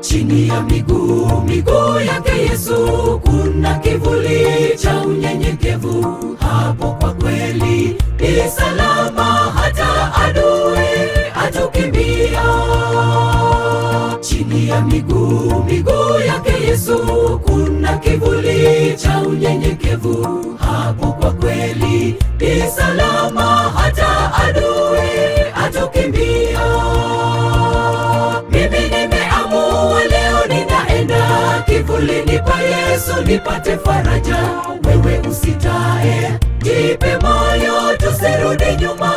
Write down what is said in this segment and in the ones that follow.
Chini ya miguu miguu yake Yesu kuna kivuli cha unyenyekevu, hapo kwa kweli Isa Yesu nipate faraja, wewe usitae. Jipe moyo, tusirudi nyuma,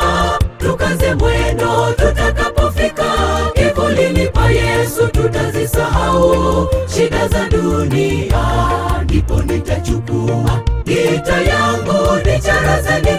tukaze mwendo tutakapofika. Kivulini pa Yesu tutazisahau shida za dunia, ndipo nitachukua gita yangu nicharaze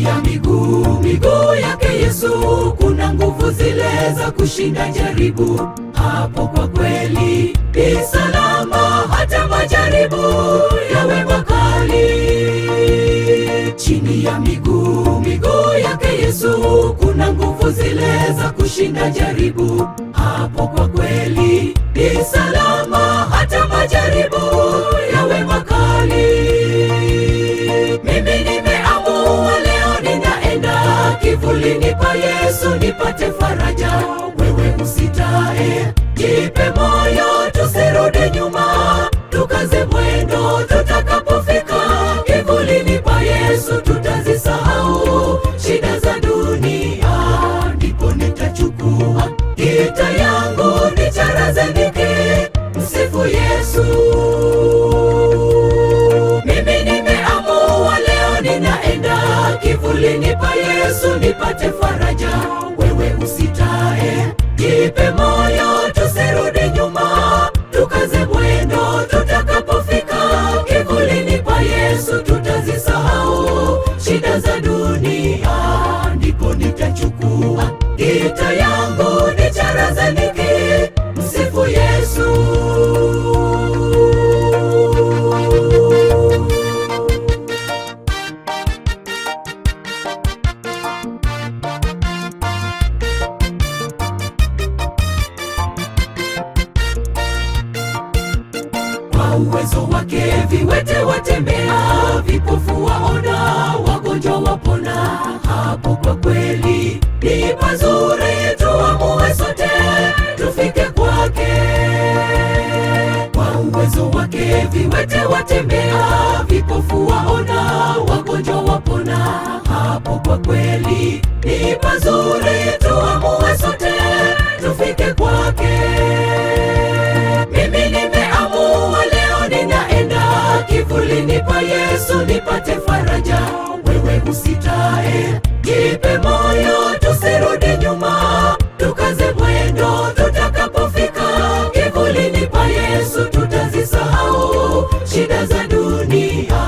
ya miguu miguu yake Yesu, kuna nguvu zile za kushinda jaribu. Hapo kwa kweli ni salama, hata majaribu yawe makali. Chini ya miguu miguu yake Yesu, kuna nguvu zile za kushinda jaribu. Hapo kwa kweli ni salama, hata majaribu hazembiki, msifu Yesu. Mimi nimeamua leo ninaenda kivulini pa Yesu nipate kweli ni pazuri, tuamue sote tufike kwake. Kwa uwezo wake viwete watembea, vipofu waona, wagonjwa wapona. Hapo kwa kweli ni pazuri, tuamue sote tufike kwake. Mimi nimeamua leo, ninaenda kivulini pa Yesu nipate faraja. Wewe usitae Jipe moyo, tusirudi nyuma, tukaze mwendo, tutakapofika kivulini pa Yesu tutazisahau shida za dunia.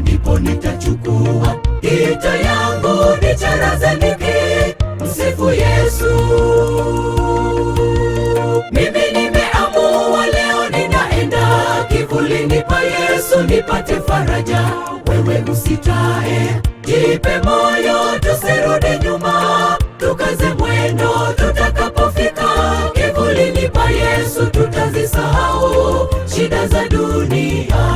Ndipo nitachukua ito yangu nicharaze niki msifu Yesu. Mimi nimeamua leo, ninaenda kivulini pa Yesu nipate faraja, wewe usitae tukaze mwendo, tutakapofika kivulini pa Yesu tutazisahau shida za dunia.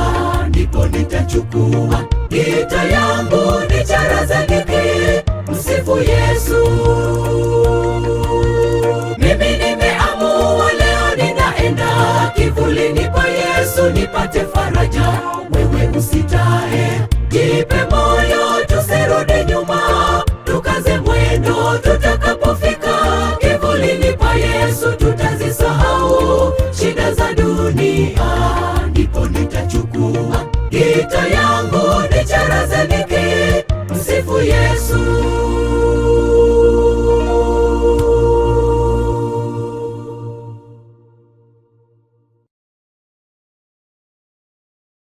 Ndipo nitachukua gita yangu nicharazanike, msifu Yesu. Mimi nimeamua leo ninaenda kivulini pa Yesu nipate faraja Jesu